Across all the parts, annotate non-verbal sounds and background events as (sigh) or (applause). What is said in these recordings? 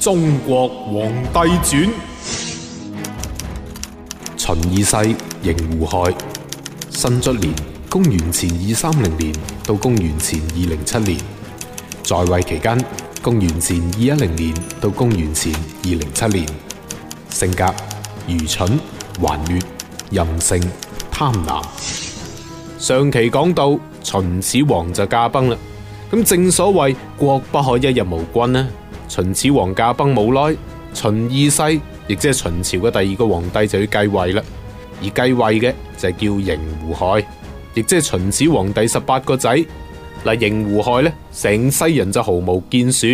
中國皇帝傳，秦二世嬴胡亥，生卒年公元前二三零年到公元前二零七年，在位期間公元前二一零年到公元前二零七年，性格愚蠢、頑劣、任性、貪婪。上期講到秦始皇就駕崩啦，咁正所謂國不可一日無君呢，秦始皇駕崩冇耐，秦二世，亦即係秦朝嘅第二個皇帝，就要繼位啦。而繼位嘅就係叫嬴胡亥，亦即係秦始皇第十八個仔。嗱，嬴胡亥呢，成世人就毫無建樹，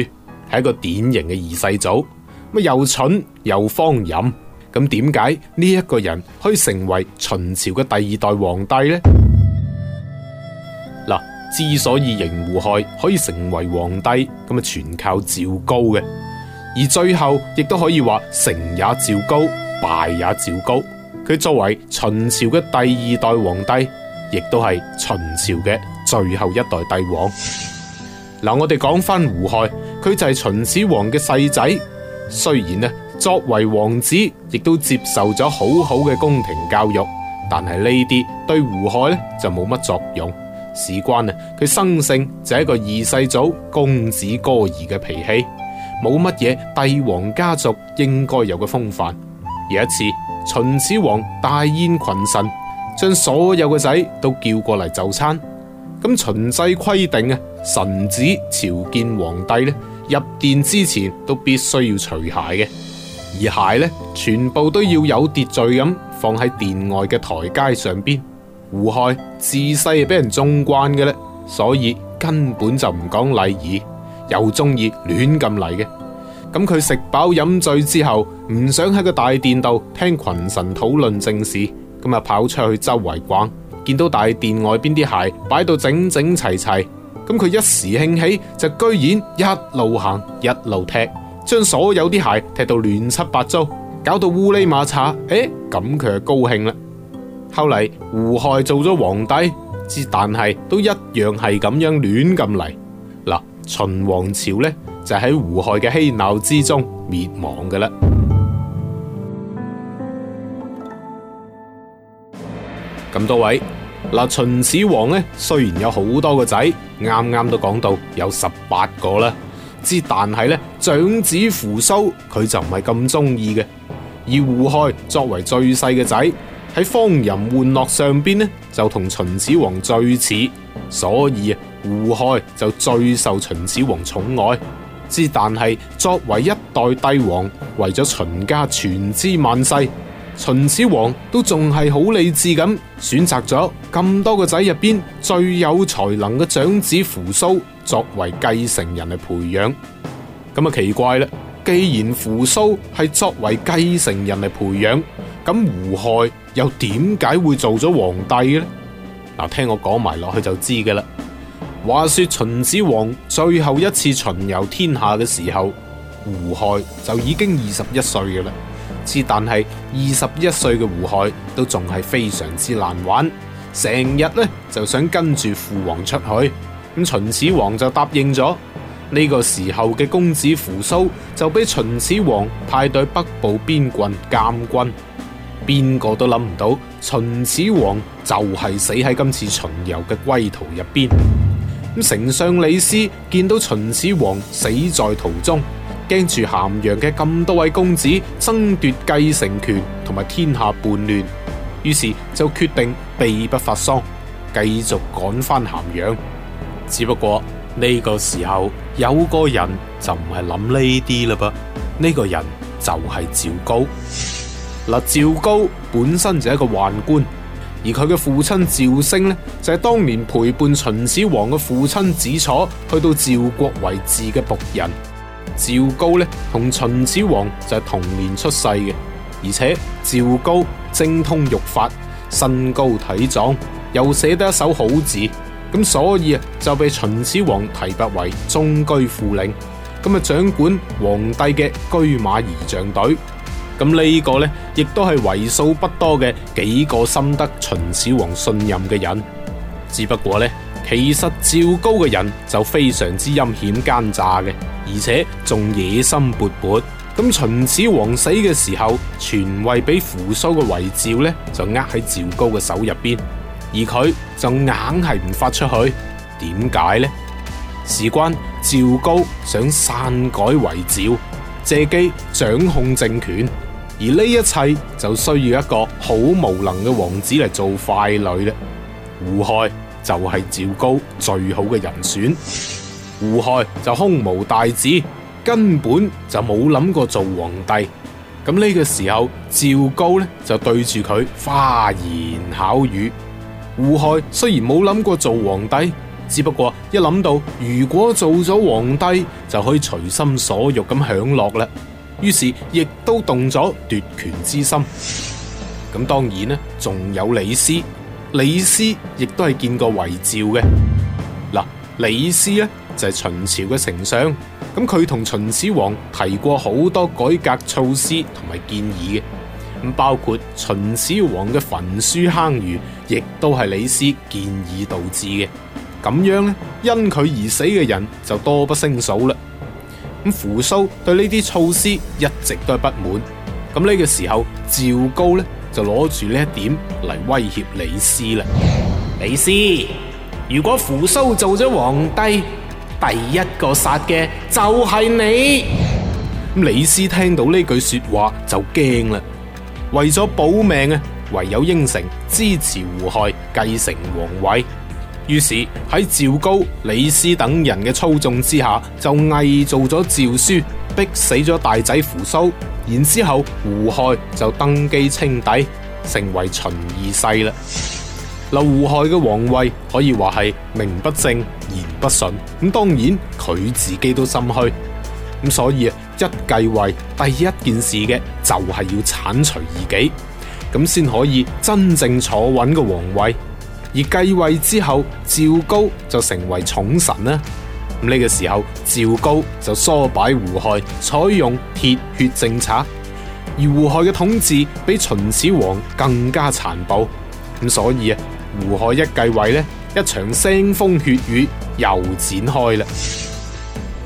係一個典型嘅二世祖。咁又蠢又荒淫，咁點解呢一個人可以成為秦朝嘅第二代皇帝呢？之所以嬴胡亥可以成為皇帝，咁啊全靠趙高嘅，而最後亦都可以話成也趙高，敗也趙高。佢作為秦朝嘅第二代皇帝，亦都係秦朝嘅最後一代帝王。嗱， (noise) 我哋講翻胡亥，佢就係秦始皇嘅細仔。雖然呢，作為王子，亦都接受咗好好嘅宮廷教育，但係呢啲對胡亥呢，就冇乜作用。事關啊，佢生性就係一個二世祖公子哥兒嘅脾氣，冇乜嘢帝王家族應該有嘅風範。有一次，秦始皇大宴群臣，將所有嘅仔都叫過嚟就餐。咁秦制規定啊，臣子朝見皇帝咧，入殿之前都必須要除鞋嘅，而鞋咧全部都要有秩序咁放喺殿外嘅台階上邊。胡亥自細被俾人縱慣嘅咧，所以根本就唔講禮儀，又中意亂咁嚟嘅。咁佢食飽飲醉之後，唔想喺個大殿度聽群臣討論政事，咁啊跑出去周圍逛，見到大殿外邊啲鞋擺到整整齊齊，咁佢一時興起就居然一路行一路踢，將所有啲鞋踢到亂七八糟，搞到烏里馬擦。誒咁佢就高興啦。後嚟胡亥做咗皇帝，之但係都一樣係咁樣亂咁嚟嗱，秦王朝呢，就喺胡亥嘅嬉鬧之中滅亡噶啦。咁、嗯、多位嗱，秦始皇呢，雖然有好多個仔，啱啱都講到有十八個啦，之但係呢，長子扶蘇佢就唔係咁中意嘅，而胡亥作為最細嘅仔。喺荒淫玩樂上邊呢，就同秦始皇最似，所以啊，胡亥就最受秦始皇寵愛。之但係，作為一代帝王，為咗秦家傳之萬世，秦始皇都仲係好理智咁選擇咗咁多個仔入邊最有才能嘅長子扶蘇作為繼承人嚟培養。咁啊，奇怪啦～既然扶蘇係作為繼承人嚟培養，咁胡亥又點解會做咗皇帝嘅呢？嗱，聽我講埋落去就知嘅啦。話說秦始皇最後一次巡遊天下嘅時候，胡亥就已經二十一歲嘅啦。之但係二十一歲嘅胡亥都仲係非常之難玩，成日呢就想跟住父王出去，咁秦始皇就答應咗。呢個時候嘅公子扶蘇就被秦始皇派對北部邊郡監軍，邊個都諗唔到秦始皇就係死喺今次巡遊嘅歸途入邊。丞相李斯見到秦始皇死在途中，驚住咸陽嘅咁多位公子爭奪繼承權同埋天下叛亂，於是就決定秘不發喪，繼續趕返咸陽。只不過。呢、這個時候有個人就唔係諗呢啲嘞噃，呢、這個人就係趙高。趙高本身就係一個宦官，而佢嘅父親趙升呢，就係當年陪伴秦始皇嘅父親子楚去到趙國為質嘅僕人。趙高呢，同秦始皇就係同年出世嘅，而且趙高精通玉法，身高體壯，又寫得一手好字。咁所以啊，就被秦始皇提拔為中車府令，咁啊掌管皇帝嘅車馬儀仗隊。咁呢個呢，亦都係為數不多嘅幾個深得秦始皇信任嘅人。只不過呢，其實趙高嘅人就非常之陰險奸詐嘅，而且仲野心勃勃。咁秦始皇死嘅時候，傳位俾扶蘇嘅遺詔呢，就握喺趙高嘅手入邊。而佢就硬係唔發出去，點解呢？事關趙高想篡改遺詔，借機掌控政權，而呢一切就需要一個好無能嘅王子嚟做傀儡啦。胡亥就係趙高最好嘅人選，胡亥就胸無大志，根本就冇諗過做皇帝。咁呢個時候，趙高呢就對住佢花言巧語。胡亥雖然冇諗過做皇帝，只不過一諗到如果做咗皇帝就可以隨心所欲咁享樂啦，於是亦都動咗奪權之心。咁當然呢，仲有李斯，李斯亦都係見過遺詔嘅。嗱，李斯呢就係秦朝嘅丞相，咁佢同秦始皇提過好多改革措施同埋建議嘅，包括秦始皇嘅焚書坑儒。亦都係李斯建議導致嘅，咁樣呢，因佢而死嘅人就多不勝數啦。咁扶蘇對呢啲措施一直都係不滿，咁呢個時候趙高呢就攞住呢一點嚟威脅李斯啦。李斯，如果扶蘇做咗皇帝，第一個殺嘅就係你。李斯聽到呢句說話就驚啦，為咗保命啊，唯有應承支持胡亥繼承皇位，於是喺趙高、李斯等人嘅操縱之下，就偽造咗詔書，逼死咗大仔扶蘇，然之後胡亥就登基稱帝，成為秦二世啦。嗱，胡亥嘅皇位可以話係名不正言不順，咁當然佢自己都心虛，咁所以一繼位第一件事嘅就係要鏟除異己。咁先可以真正坐穩個皇位，而繼位之後，趙高就成為寵臣呢。咁、這、呢個時候，趙高就唆擺胡亥，採用鐵血政策，而胡亥嘅統治比秦始皇更加殘暴。咁所以啊，胡亥一繼位呢，一場腥風血雨又展開啦。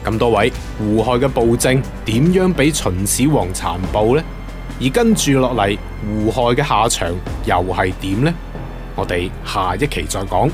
咁多位胡亥嘅暴政點樣比秦始皇殘暴呢？而跟住落嚟，胡亥嘅下場又係點呢？我哋下一期再講。